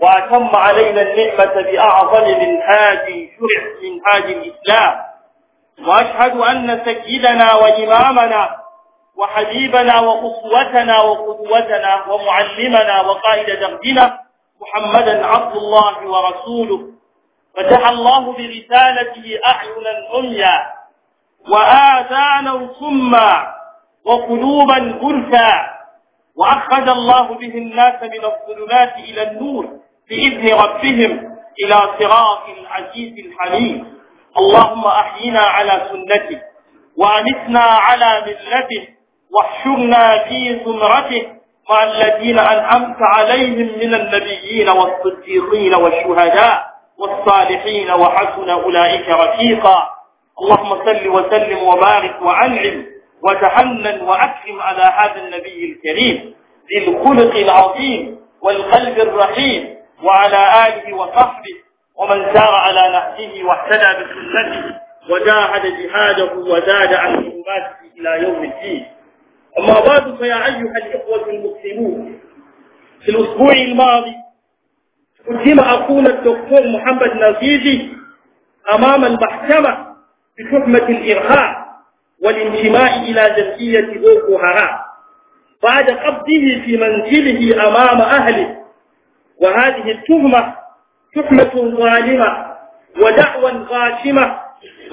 وأتم علينا النعمة بأعظم من هذه شرع من هذه الإسلام وأشهد أن سيدنا وإمامنا وحبيبنا وأسوتنا وقدوتنا ومعلمنا وقائد دربنا محمدا عبد الله ورسوله فتح الله برسالته أعينا عميا وآذانا صما وقلوبا غرفا وأخذ الله به الناس من الظلمات إلى النور بإذن ربهم إلى صراط العزيز الحميد اللهم أحينا على سنته وأمتنا على ملته واحشرنا في زمرته مع الذين أنعمت عليهم من النبيين والصديقين والشهداء والصالحين وحسن أولئك رفيقا اللهم صل وسلم وبارك وأنعم وتحنن وأكرم على هذا النبي الكريم ذي الخلق العظيم والقلب الرحيم وعلى آله وصحبه ومن سار على نهجه واهتدى بسنته وجاهد جهاده وزاد عن حرماته إلى يوم الدين أما بعد فيا أيها الإخوة المسلمون في الأسبوع الماضي قدم أخونا الدكتور محمد نزيزي أمام المحكمة بتهمة الإرهاب والانتماء إلى جمعية بوكو هرام بعد قبضه في منزله أمام أهله وهذه التهمة تهمة ظالمة ودعوى غاشمة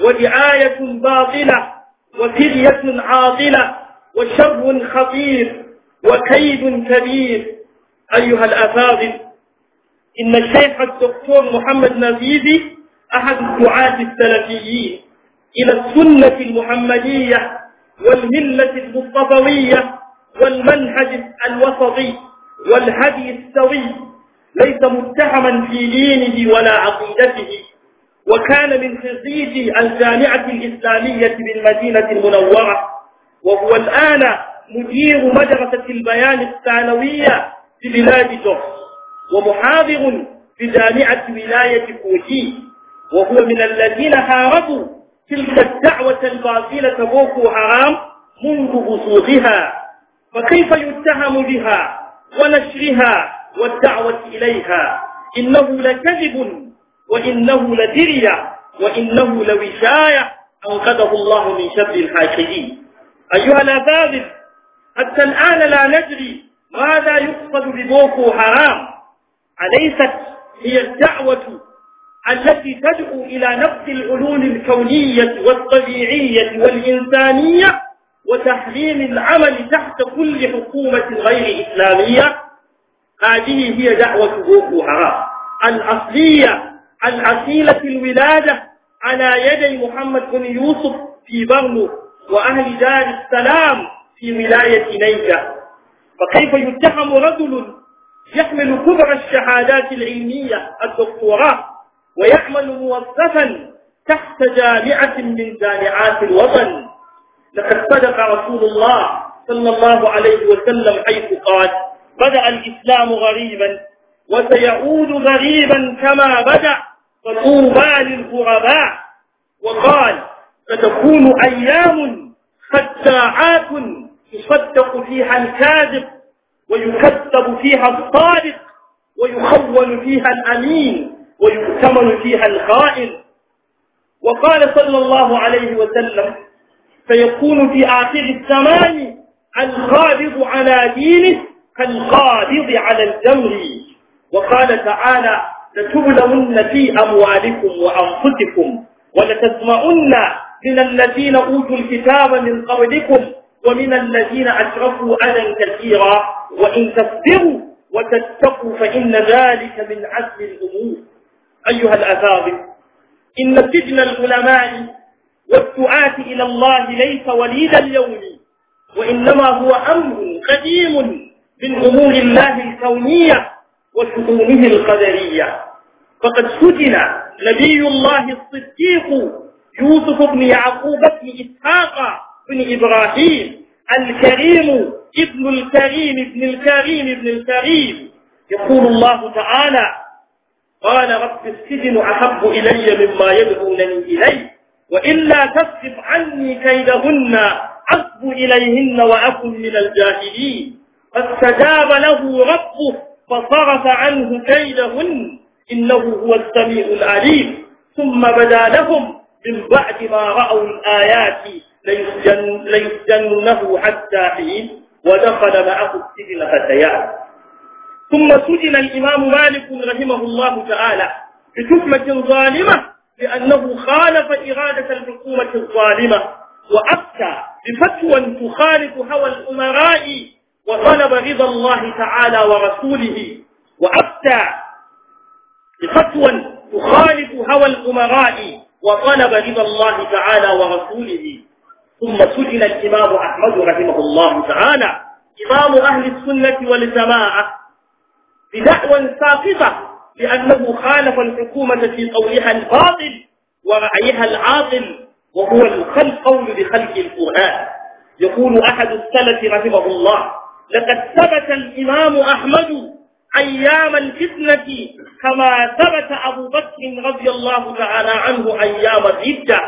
ودعاية باطلة وفرية عاطلة وشر خطير وكيد كبير أيها الأفاضل إن الشيخ الدكتور محمد نزيدي أحد الدعاة السلفيين إلى السنة المحمدية والملة المصطفوية والمنهج الوسطي والهدي السوي ليس متهما في دينه ولا عقيدته وكان من خريجي الجامعة الإسلامية بالمدينة المنورة وهو الآن مدير مدرسة البيان الثانوية في بلاد جورج ومحاضر في جامعة ولاية كوشي وهو من الذين هاربوا تلك الدعوة الباطلة بوكو حرام منذ بصوغها فكيف يتهم بها ونشرها والدعوة إليها إنه لكذب وإنه لدرية وإنه لوشاية أنقذه الله من شر الحاكدين أيها الأبابل حتى الآن لا ندري ماذا يقصد ببوكو حرام أليست هي الدعوة التي تدعو إلى نقد العلوم الكونية والطبيعية والإنسانية وتحريم العمل تحت كل حكومة غير إسلامية هذه هي دعوة بوكو حرام الأصلية الأصيلة الولادة على يدي محمد بن يوسف في برلو وأهل دار السلام في ولاية نيجا فكيف يتهم رجل يحمل كبرى الشهادات العلمية الدكتوراه ويعمل موظفا تحت جامعة من جامعات الوطن لقد صدق رسول الله صلى الله عليه وسلم حيث قال بدأ الإسلام غريبا وسيعود غريبا كما بدأ فطوبى للغرباء وقال ستكون أيام خداعات يصدق فيها الكاذب ويكذب فيها الصادق ويخول فيها الأمين ويؤتمن فيها الخائن وقال صلى الله عليه وسلم فيكون في آخر الزمان الغالب على دينه كالقابض على الجمر وقال تعالى لتبلون في أموالكم وأنفسكم ولتسمعن من الذين أوتوا الكتاب من قبلكم ومن الذين أشرفوا أذى كثيرا وإن تصبروا وتتقوا فإن ذلك من عزم الأمور أيها الأثابت إن سجن العلماء والدعاة إلى الله ليس وليد اليوم وإنما هو أمر قديم من أمور الله الكونية وشؤونه القدرية فقد فتن نبي الله الصديق يوسف بن يعقوب بن إسحاق بن إبراهيم الكريم ابن الكريم ابن الكريم ابن الكريم يقول الله تعالى قال رب السجن أحب إلي مما يدعونني إليه وإلا تصرف عني كيدهن أصب إليهن وأكن من الجاهلين فاستجاب له ربه فصرف عنه كيدهن إنه هو السميع العليم ثم بدا لهم من بعد ما رأوا الآيات ليسجنه حتى حين ودخل معه السجن فتيان ثم سجن الإمام مالك رحمه الله تعالى بتهمة ظالمة لأنه خالف إرادة الحكومة الظالمة وأفتى بفتوى تخالف هوى الأمراء وطلب رضا الله تعالى ورسوله وأفتى بفتوى تخالف هوى الأمراء وطلب رضا الله تعالى ورسوله ثم سجن الإمام أحمد رحمه الله تعالى إمام أهل السنة والجماعة بدعوى ساقطة لأنه خالف الحكومة في قولها الباطل ورأيها العاطل وهو القول بخلق القرآن يقول أحد السلف رحمه الله لقد ثبت الإمام أحمد أيام الفتنة كما ثبت أبو بكر رضي الله تعالى عنه أيام الردة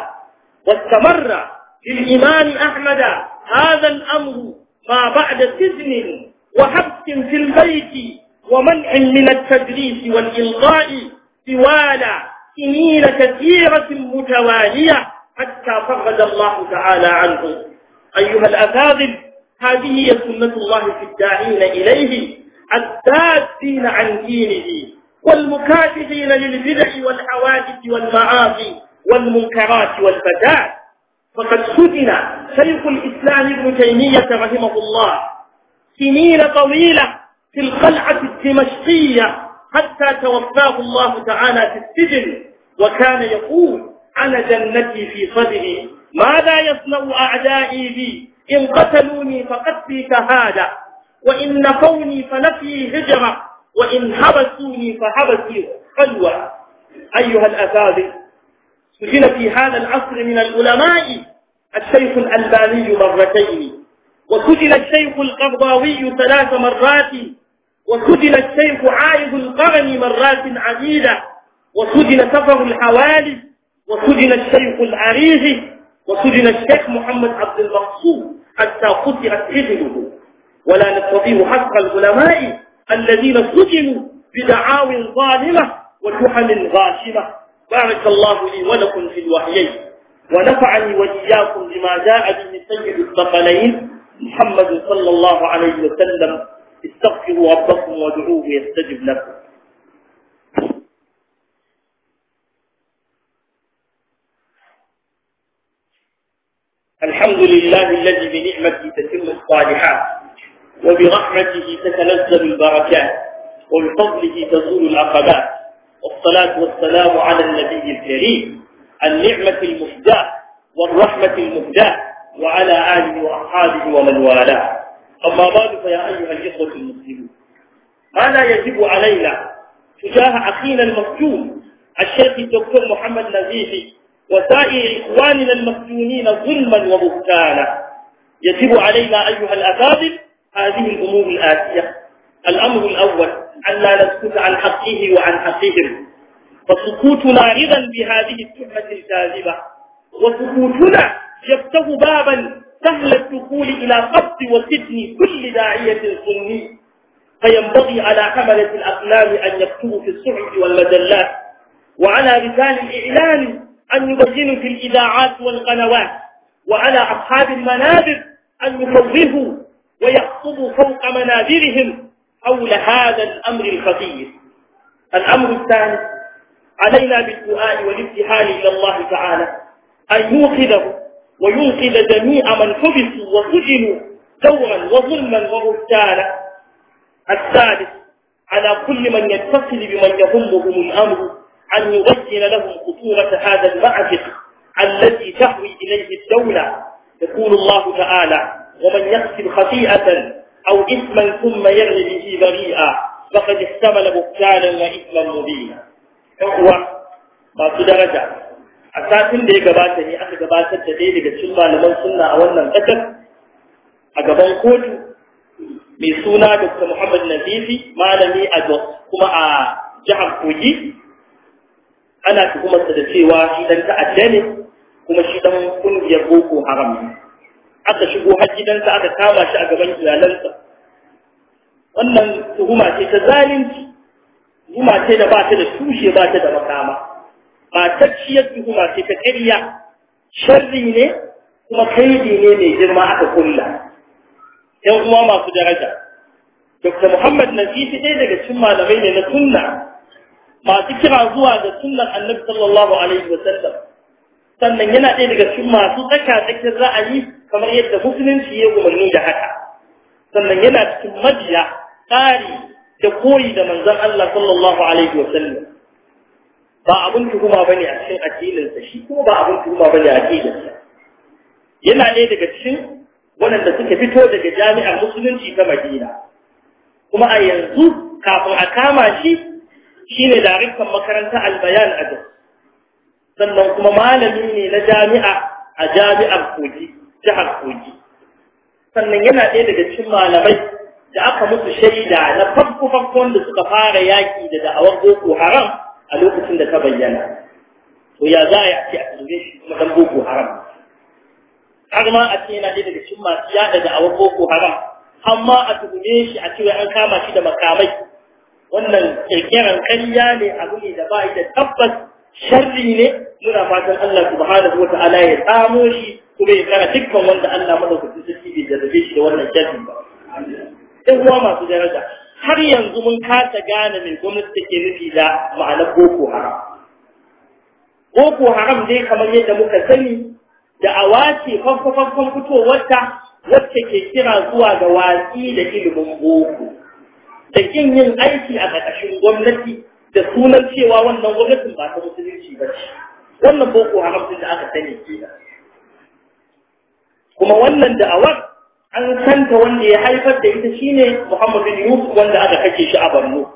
واستمر للإمام أحمد هذا الأمر ما بعد سجن وحبس في البيت ومنع من التدريس والإلغاء طوال سنين كثيرة متوالية حتى فرج الله تعالى عنه أيها الأساتذة هذه هي سنة الله في الداعين إليه الدادين عن دينه والمكاتبين للبدع والحوادث والمعاصي والمنكرات والفساد فقد سجن شيخ الإسلام ابن تيمية رحمه الله سنين طويلة في القلعة الدمشقية حتى توفاه الله تعالى في السجن وكان يقول أنا جنتي في صدري ماذا يصنع أعدائي بي إن قتلوني فقد في شهادة وإن نفوني فنفي هجرة وإن حبسوني فحبسي خلوة أيها الأساتذة سجن في هذا العصر من العلماء الشيخ الألباني مرتين وسجن الشيخ القرضاوي ثلاث مرات وسجن الشيخ عائد القرن مرات عديدة وسجن سفر الحوالي وسجن الشيخ العريزي وسجن الشيخ محمد عبد المقصود حتى قتلت رجله ولا نستطيع حق العلماء الذين سجنوا بدعاوى ظالمة وتحم غاشمة بارك الله لي ولكم في الوحيين ونفعني وإياكم بما جاء به سيد الثقلين محمد صلى الله عليه وسلم استغفروا ربكم وادعوه يستجب لكم الحمد لله الذي بنعمته تتم الصالحات وبرحمته تتنزل البركات وبفضله تزول العقبات والصلاة والسلام على النبي الكريم النعمة المهداة والرحمة المهداة وعلى آله وأصحابه ومن والاه أما بعد فيا أيها الإخوة المسلمون ماذا يجب علينا تجاه أخينا المفتون الشيخ الدكتور محمد نزيهي وسائر إخواننا المسجونين ظلما وبهتانا يجب علينا أيها الأكاذب هذه الأمور الآتية الأمر الأول ألا نسكت عن حقه وعن حقهم فسكوتنا رضا بهذه التهمة الكاذبة وسكوتنا يفتح بابا سهل الدخول إلى قبض وسجن كل داعية سني فينبغي على حملة الأقلام أن يكتبوا في الصحف والمجلات وعلى رسال الإعلان أن يبينوا في الإذاعات والقنوات وعلى أصحاب المنابر أن يفوهوا ويخطبوا فوق منابرهم حول هذا الأمر الخطير الأمر الثاني علينا بالسؤال والابتهال إلى الله تعالى أن يوقظه وينقذ جميع من حبسوا وسجنوا دورا وظلما وبهتانا الثالث على كل من يتصل بمن يهمهم الأمر أن يبين لهم خطورة هذا المعفق الذي تحوي إليه الدولة يقول الله تعالى ومن يقتل خطيئة أو إثما ثم يرمي به بريئا فقد احتمل بهتانا وإثما مبينا هو masu daraja a satin da ya gabata ne aka gabatar da ɗaya daga cin malaman sunna a wannan ƙasar a gaban kotu mai suna dr muhammad nazifi malami a kuma a jihar kogi ana tuhumarsa da cewa shi dan ta'adda ne kuma shi dan kungiyar boko haram aka shigo har gidansa aka kama shi a gaban iyalansa wannan tuhuma ce ta zalunci tuhuma ce da ba ta da tushe ba ta da makama matacciyar tuhuma ce ta ƙarya sharri ne kuma kaidi ne mai girma aka kulla yan uwa masu daraja Dr. Muhammad Nazifi ɗaya daga cikin malamai ne na sunna masu kira zuwa ga sunnar annabi sallallahu alaihi wasallam sannan yana ɗaya daga cikin masu tsaka tsakin ra'ayi kamar yadda musulunci ya umarni da haka sannan yana cikin mabiya tsari da koyi da manzon Allah sallallahu alaihi wasallam ba abun tuhuma bane a cikin addininsa shi kuma ba abun tuhuma bane a addininsa yana ɗaya daga cikin waɗanda suka fito daga jami'ar musulunci ta Madina kuma a yanzu kafin a kama shi Shi ne daraktan makaranta albayan a sannan kuma malami ne na jami'a a jami'ar kogi jihar kogi sannan yana ɗaya daga cikin malamai da aka musu shaida na farko farkon da suka fara yaƙi da da'awar boko haram a lokacin da ta bayyana to ya za a yi a ce a tsire shi kuma dan boko haram har ma a ce yana ɗaya daga cikin masu yaɗa da'awar boko haram amma a tuhume shi a cewa an kama shi da makamai wannan kirkiran kanya ne abu ne da ba da tabbas sharri ne muna fatan Allah subhanahu wata'ala ya tsamo shi kuma ya kara dukkan wanda Allah madaukakin sarki bai jarrabe shi da wannan sharri ba ɗan uwa masu daraja har yanzu mun kasa gane mai gwamnati take nufi da ma'anar boko haram boko haram dai kamar yadda muka sani da a ce farko farkon fitowarta wacce ke kira zuwa ga watsi da ilimin boko da kin yin aiki a ƙarƙashin gwamnati da sunan cewa wannan gwamnatin ba ta musulunci ba ce wannan boko haram da aka sani kenan kuma wannan da'awar an santa wanda ya haifar da ita shine Muhammad bin Yusuf wanda aka kashe shi a Borno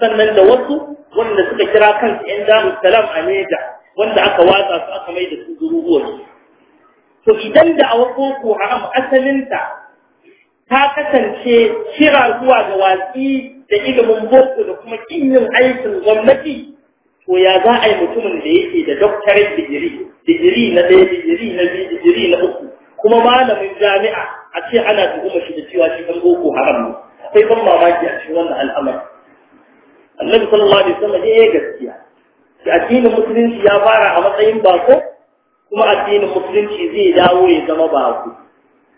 sannan da wasu wanda suka kira kansu ƴan Darus Salam a Neja wanda aka watsa su aka mai da su to idan da'awar boko haram asalinta ta kasance kira zuwa ga watsi da ilimin boko da kuma yin aikin gwamnati to ya za a yi mutumin da yake da doctorate digiri digiri na ɗaya digiri na biyu digiri na uku kuma malamin jami'a a ce ana tuhuma shi da cewa shi ɗan boko haram ne akwai ban mamaki a cikin wannan al'amari annabi sallallahu alaihi wasallam ne ya gaskiya da addinin musulunci ya fara a matsayin bako kuma addinin musulunci zai dawo ya zama bako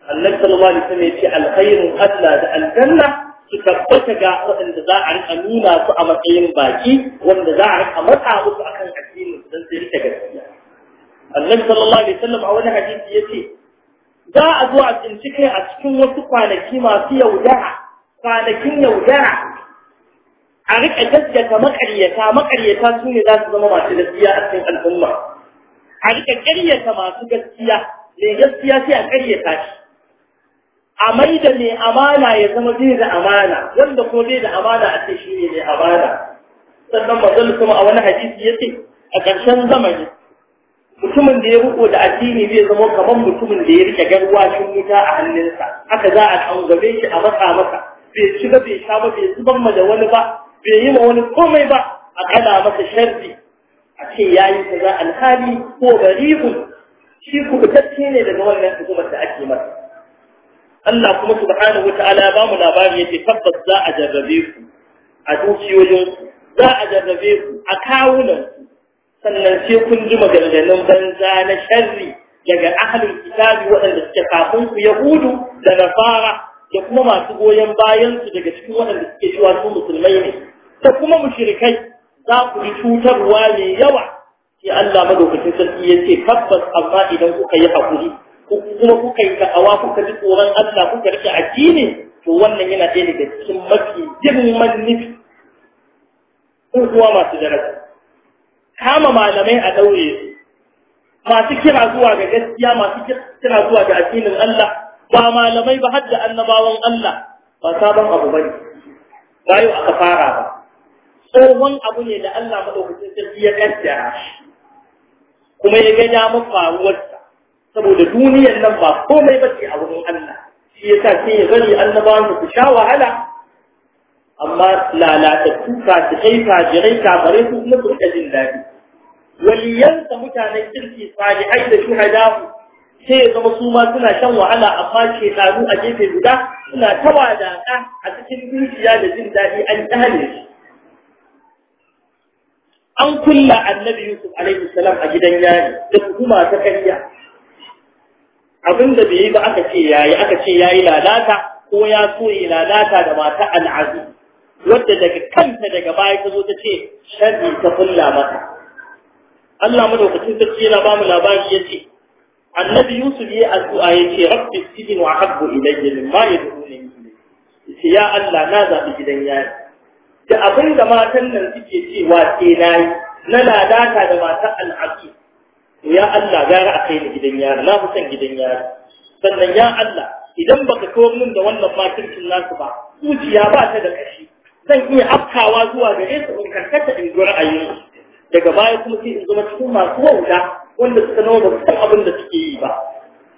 annabi sallallahu alaihi wasallam yace alkhairun Allah da aljanna su tabbata ga waɗanda za a rika nuna su a matsayin baki wanda za a rika matsa musu akan addinin dan sai rike gaskiya annabi sallallahu alaihi wasallam a wani hadisi yace za a zo a tsinci kai a cikin wasu kwanaki masu yaudara kwanakin yaudara a riƙa gaskata maƙaryata maƙaryata su ne za su zama masu gaskiya a cikin al'umma a riƙa ƙaryata masu gaskiya mai gaskiya sai a ƙaryata shi a mai da mai amana ya zama zai da amana wanda ko zai da amana a shi ne mai amana sannan mazal kuma a wani hadisi ya ce a ƙarshen zamani mutumin da ya riko da addini zai zama kamar mutumin da ya rike garwashin wuta a hannunsa haka za a gabe shi a matsa masa bai ci bai sha ba bai zubar ma da wani ba bai yi ma wani komai ba a kana masa sharri a ce ya yi kaza alhali ko garibun shi kubutacce ne daga wannan hukumar da ake masa Allah kuma subhanahu wata'ala ya bamu labari yace tabbas za a jarrabe ku a dukiyoyin za a jarrabe ku a kawunan sannan sai kun ji maganganun banza na sharri daga ahlul kitabi waɗanda suke kafin ku yahudu da nasara da kuma masu goyon bayan su daga cikin waɗanda suke cewa su musulmai ne da kuma mushrikai za ku bi cutarwa mai yawa sai Allah madaukakin sarki yace tabbas amma idan kuka yi hakuri kuma kuka yi da'awa kuka ji tsoron Allah kuka rike addini to wannan yana ɗaya daga cikin mafi girman nufi ko kuwa masu daraja kama malamai a ɗaure su masu kira zuwa ga gaskiya masu kira zuwa ga addinin Allah ba malamai ba hadda annabawan Allah ba sabon abu bane ba aka fara ba tsohon abu ne da Allah madaukakin sarki ya kaddara kuma ya ga damar faruwar saboda duniyar nan ba komai bace a wurin Allah shi yasa sai ya gani annabawan su sha wahala amma su fasikai fajirai kafare su kuma su rika jin daɗi waliyansa mutanen kirki salihai da shuhadahu sai ya zama su ma suna shan wahala amma ce a gefe guda suna ta wadaƙa a cikin dukiya da jin daɗi an tsare shi an kulla annabi yusuf alaihi salam a gidan yari da hukuma ta karya abin da bai yi ba aka ce yayi aka ce yayi lalata ko ya so yi lalata da mata al'azu wadda daga kanta daga baya ta zo ta ce sharri ta kulla mata Allah madaukakin sarki yana ba mu labari ce. annabi Yusuf yi addu'a ce, rabbi sijin wa habbu ilayya mimma yad'uni ilayhi ya Allah na zabi gidan yayi da abin da matan nan suke cewa sai nayi na lalata da mata al'azu ya Allah gara a kai ni gidan yari na fi son gidan yari sannan ya Allah idan baka kawo min da wannan makircin nasu ba zuciya ba ta da kashi zan iya afkawa zuwa da su in karkata in zuwa ayyuka daga baya kuma sai in zama cikin masu wauta wanda suka nawa ba san abin da suke yi ba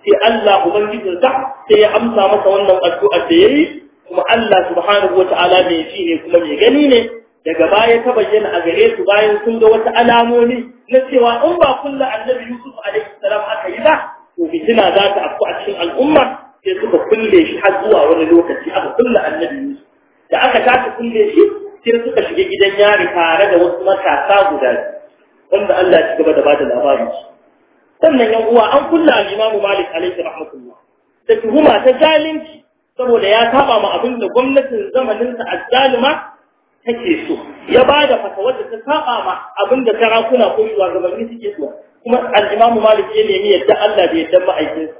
sai Allah ubangijin sa sai ya amsa masa wannan addu'a da yayi kuma Allah subhanahu wata'ala mai ji ne kuma mai gani ne daga baya ta bayyana a gare su bayan sun ga wata alamomi na cewa in ba kulla annabi Yusuf alaihi salam aka yi ba to fitina za ta afku a cikin al'umma sai suka kulle shi har zuwa wani lokaci aka kulla annabi Yusuf da aka tashi kulle shi sai suka shiga gidan yari tare da wasu matasa guda wanda Allah ya gaba da bada labarin su sannan yan uwa an kulla al-Imam Malik alaihi rahmatullah da tuhuma ta zalunci saboda ya saba ma abin da gwamnatin zamaninsa azzalima take so ya ba da da ta saba ma abin da sarakuna ko shugabanni suke so kuma al-Imam Malik ya nemi yadda Allah da yadda ma'aikinsa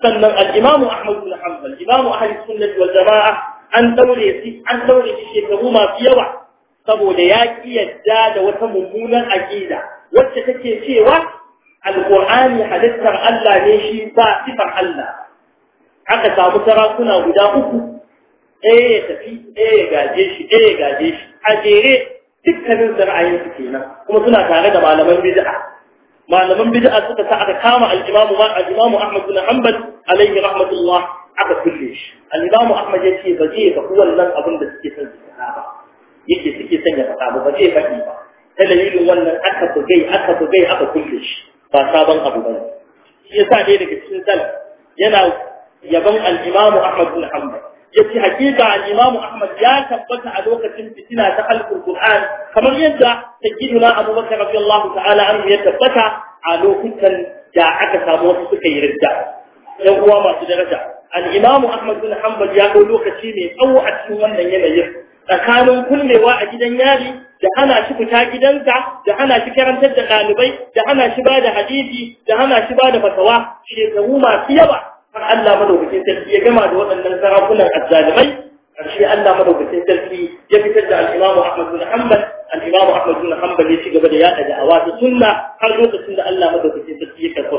sannan al-Imam Ahmad bin Hanbal Imam Ahli Sunnah wal Jama'a an daure shi an daure shi shekaru masu yawa saboda ya ki yadda da wata mummunan aqida wacce take cewa al-Qur'ani halittar Allah ne shi ba sifar Allah aka samu sarakuna guda uku ɗaya ya tafi ɗaya ya gaje shi ɗaya ya gaje shi a jere dukkanin ra'ayin su kenan kuma suna tare da malaman bid'a malaman bid'a suka sa aka kama al-imamu ma al-imamu Ahmad bin Hanbal alayhi rahmatullah aka kulle shi al-imamu Ahmad yace ba je ba wannan abin da suke son su ba yake suke son ya faɗa ba je faɗi ba ta dalilin wannan aka bugai aka bugai aka kulle shi ba sabon abu ba shi yasa dai daga cikin sal yana yaban al-imamu Ahmad bin Hanbal yace hakika al-Imam Ahmad ya tabbata a lokacin fitina ta al kamar yadda sayyidina abubakar Bakar radiyallahu ta'ala an ya tabbata a lokutan da aka samu wasu suka yi ridda dan uwa masu daraja al-Imam Ahmad bin Hanbal ya ko lokaci mai tsawo a cikin wannan yanayin tsakanin kullewa a gidan yari da hana shi fita gidansa da hana shi karantar da ɗalibai da hana shi ba da hadisi da hana shi ba da fatawa shekaru masu yawa har Allah madaukakin sarki ya gama da waɗannan sarakunan azzalimai karshe Allah madaukakin sarki ya fitar da al-Imam Ahmad bin Hanbal al-Imam Ahmad bin Hanbal ya ci gaba da yada da'awa ta sunna har lokacin da Allah madaukakin sarki ya karɓa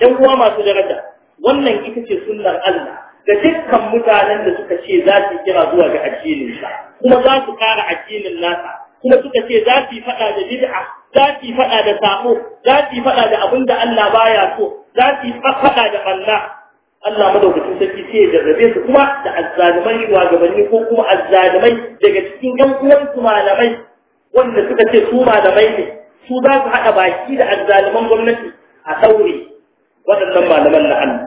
ɗan uwa masu daraja wannan ita ce sunnar Allah Ga dukkan mutanen da suka ce za su kira zuwa ga addinin sa kuma za su kara addinin nasa kuma suka ce za su yi faɗa da bid'a za su yi faɗa da sako za su yi faɗa da abin da Allah baya so za su yi faɗa da Allah Allah madaukakin sarki sai ya jarrabe su kuma da azzaliman shugabanni ko kuma azzalimai daga cikin yan uwan su malamai wanda suka ce su malamai ne su za su haɗa baki da azzaliman gwamnati a sauri waɗannan malaman na Allah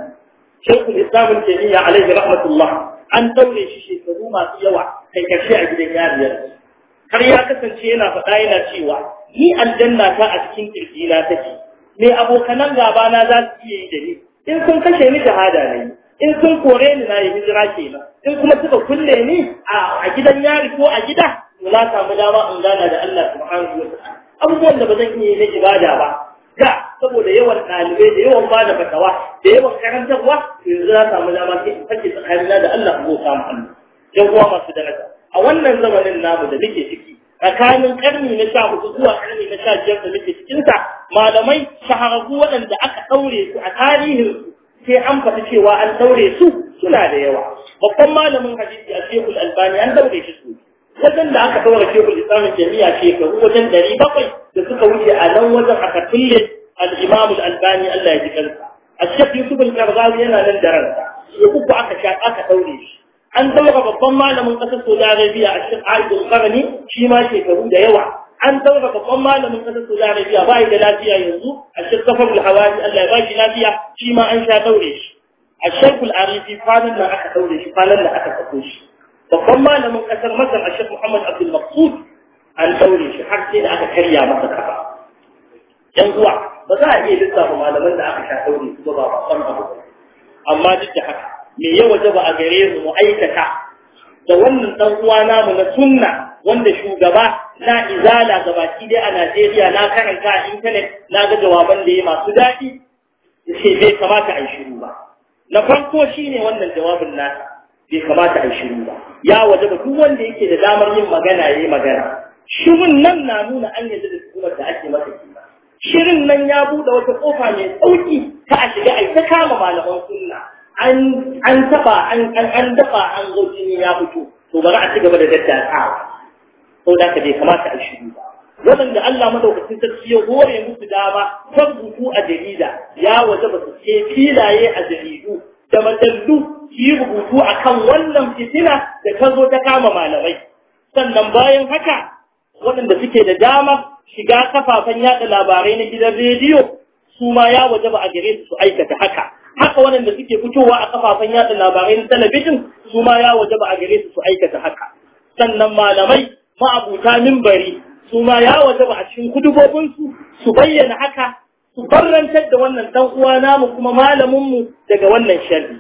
shekul islamun taimiyya alaihi rahmatullah an ɗaure shi shekaru masu yawa kai karshe a gidan yariyar har ya kasance yana faɗa yana cewa ni aljanna ta a cikin na take me abokanan gabana za su iya yi da ni in sun kashe ni shahada ne, in sun kore ni na yi hijira kenan in kuma suka kulle ni a gidan yari ko a gida na samu dama in gana da Allah subhanahu wa ta'ala abubuwan da ba zan yi na ibada ba ga saboda yawan ɗalibai da yawan ba da fatawa da yawan karantarwa yanzu na samu dama sai in sake tsakanina da Allah ko samu Allah yan uwa masu daraja a wannan zamanin namu da muke ciki tsakanin karni na sha hudu zuwa karni na sha biyar da muke cikinsa malamai shahararru waɗanda aka ɗaure su a tarihin sai an faɗi cewa an ɗaure su suna da yawa babban malamin hadisi a shekul albani an ɗaure shi su wajen da aka ɗaura shekul islamin jami'a shekaru wajen ɗari bakwai da suka wuce a nan wajen a tulle al'imamul albani allah ya ji kansa a shekul yusuf al yana nan da ransa ya uku aka sha aka ɗaure shi an daura babban malamin ƙasar Saudi Arabia a cikin Aidul Qarni shi ma shekaru da yawa an daura babban malamin ƙasar Saudi Arabia ba da lafiya yanzu a cikin kafar Hawaji Allah ya ba shi lafiya shi ma an sha daure shi a Sheikhul Arifi kwanan nan aka daure shi kwanan nan aka sako shi babban malamin ƙasar Masar a Sheikh Muhammad Abdul Maqsud an daure shi har sai da aka karya masa kafa yan uwa ba za a iya lissafa malaman da aka sha daure su ba ba babban abu amma duk da haka me ya wajaba a gare mu mu aikata da wannan dan uwa namu na sunna wanda shugaba na izala baki dai a Najeriya na karanta a intanet na ga jawaban da ya masu daɗi yace bai kamata a shiru ba na farko shine wannan jawabin na bai kamata a yi shiru ba ya wajaba duk wanda yake da damar yin magana yayi magana shirin nan na nuna an yadda da hukumar da ake masa kima shirin nan ya buɗe wata kofa mai sauki ta a shiga ai ta kama malaman sunna an taba an dafa an zo jini ya fito to bari a ci gaba da daddatsawa sau da ka bai kamata a shiru ba waɗanda Allah madaukakin sarki ya hore musu dama kan rubutu a jarida ya waje ba su ce filaye a jaridu da matallu yi rubutu a kan wannan fitina da ta zo ta kama malamai sannan bayan haka waɗanda suke da dama shiga kafafen yaɗa labarai na gidan rediyo su ma ya waje ba a gare su su aikata haka haka waɗanda suke fitowa a kafafen yaɗa labarai na talabijin su ma ya wajaba a gare su su aikata haka sannan malamai ma'abuta mimbari su ma ya wajaba a cikin kudubobinsu su bayyana haka su barrantar da wannan dan uwa namu kuma malaminmu daga wannan sharri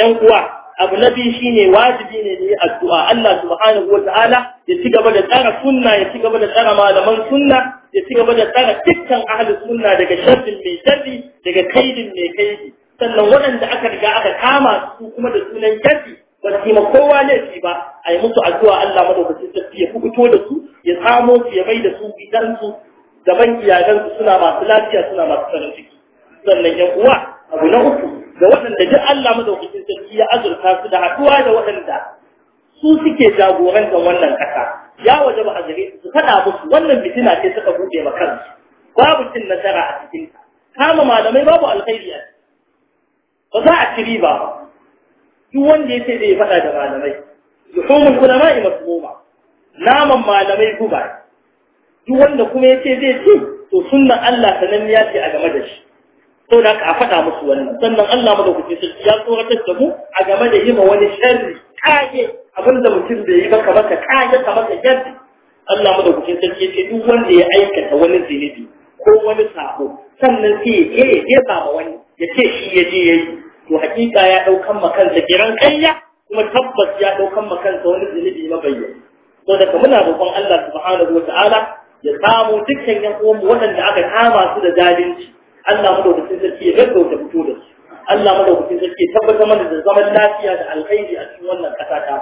yan uwa abu na biyu shine wajibi ne ne addu'a Allah subhanahu wataala ya ci gaba da tsara sunna ya ci gaba da tsara malaman sunna ya ci gaba da tsara dukkan ahlus sunna daga sharrin mai sharri daga kaidin mai kaidi sannan waɗanda aka riga aka kama su kuma da sunan kafi ba su ma kowa laifi ba a yi musu addu'a Allah madaukakin sarki ya fito da su ya samo su ya su, da su gidansu gaban iyalansu suna masu lafiya suna masu farin ciki sannan yan uwa abu na uku da waɗanda duk Allah madaukakin sarki ya azurta su da haɗuwa da waɗanda su suke jagorantar wannan kasa, ya waje ba a su faɗa musu wannan fitina ce suka buɗe ma kansu babu cin nasara a cikinta kama malamai babu alkhairi a za a ci riba ba duk wanda ya ce zai faɗa da malamai luhumul masu masmuma naman malamai guba duk wanda kuma ya ce zai ci to sunnan Allah sanan ya ce a game da shi to da ka faɗa musu wannan sannan Allah ma da kuke sarki ya tsoratar da mu a game da yi ma wani sharri kage abin da mutum bai yi ba maka kage ka maka sharri Allah da sarki ya ce duk wanda ya aikata wani zinubi ko wani sako sannan sai ya ke ya ba wani ya ce shi ya je ya yi to hakika ya daukan makansa giran kayya kuma tabbas ya daukan makansa wani zunubi mabayyana to daga muna roƙon Allah subhanahu wata'ala ya samu dukkan yan uwanmu waɗanda aka kama su da zalunci Allah madaukakin sarki ya gaggauta fito da su Allah madaukakin sarki ya tabbatar mana da zaman lafiya da alkhairi a cikin wannan kasa ta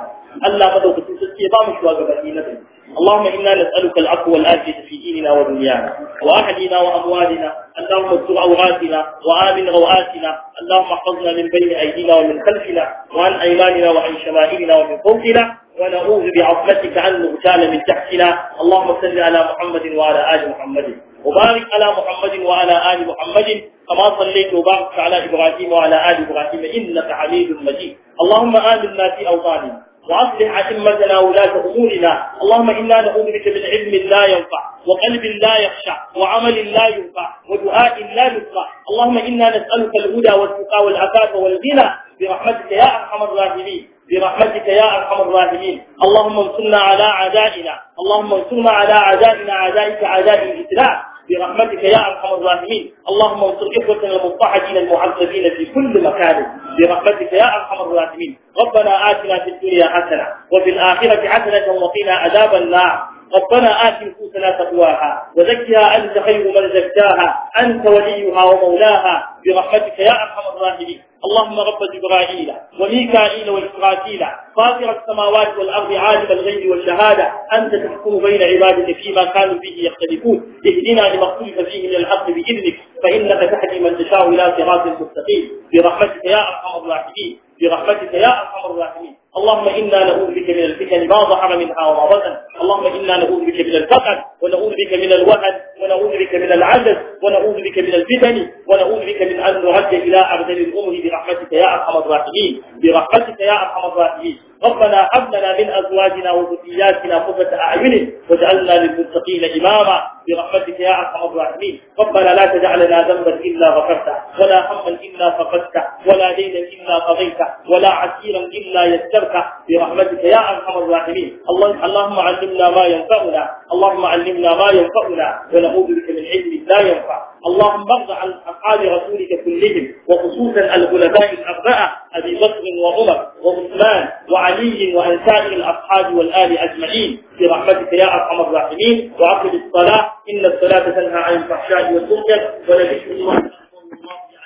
Allah madaukakin sarki ya ba mu shugabanni na gari Allahumma inna nas'aluka al-afwa wal afiyata fi dinina wa dunyana وأهلنا وأموالنا اللهم استر عوراتنا وآمن روآتنا اللهم احفظنا من بين أيدينا ومن خلفنا وعن أيماننا وعن شمائلنا ومن فوقنا ونعوذ بعظمتك عن نغتال من تحتنا اللهم صل على محمد وعلى آل محمد وبارك على محمد وعلى آل محمد كما صليت وباركت على إبراهيم وعلى آل إبراهيم إنك حميد مجيد اللهم آمنا في أوطاننا وأصلح أئمتنا ولاة أمورنا اللهم إنا نعوذ بك من علم لا ينفع وقلب لا يخشع وعمل لا ينفع ودعاء لا ينفع اللهم إنا نسألك الهدى والتقى والعفاف والغنى برحمتك يا أرحم الراحمين برحمتك يا أرحم الراحمين اللهم انصرنا على أعدائنا اللهم انصرنا على أعدائنا أعدائك أعداء الإسلام برحمتك يا ارحم الراحمين اللهم انصر اخوتنا المضطهدين المعذبين في كل مكان برحمتك يا ارحم الراحمين ربنا آتنا في الدنيا حسنه وفي الاخره حسنه وقنا عذاب النار ربنا آت نفوسنا تقواها وزكها أنت خير من زكاها أنت وليها ومولاها برحمتك يا أرحم الراحمين اللهم رب جبرائيل وميكائيل وإسرافيل فاطر السماوات والأرض عالم الغيب والشهادة أنت تحكم بين عبادك فيما كانوا فيه يختلفون اهدنا لما اختلف فيه من الحق بإذنك فإنك تحدي من تشاء إلى صراط مستقيم برحمتك يا أرحم الراحمين برحمتك يا أرحم الراحمين اللهم إنا نعوذ بك من الفتن ما ظهر منها وما بطن اللهم إنا نعوذ بك من الفقر ونعوذ بك من الوهن ونعوذ بك من العجز بك من الفتن ونعوذ بك من أن نرد إلى أبدل الأمر برحمتك يا أرحم الراحمين برحمتك يا أرحم الراحمين ربنا هب لنا من أزواجنا وذرياتنا قرة أعين واجعلنا للمتقين إماما برحمتك يا أرحم الراحمين ربنا لا تجعلنا ذنبا إلا غفرته ولا هما إلا فقدته ولا دينا إلا قضيته ولا عسيرا إلا يسرته برحمتك يا أرحم الراحمين اللهم علمنا ما ينفعنا اللهم علمنا ما ينفعنا ونعوذ بك وارض عن أفعال رسولك كلهم وخصوصا الخلفاء الأربعة أبي بكر وعمر وعثمان وعلي وأنساء الأصحاب والآل أجمعين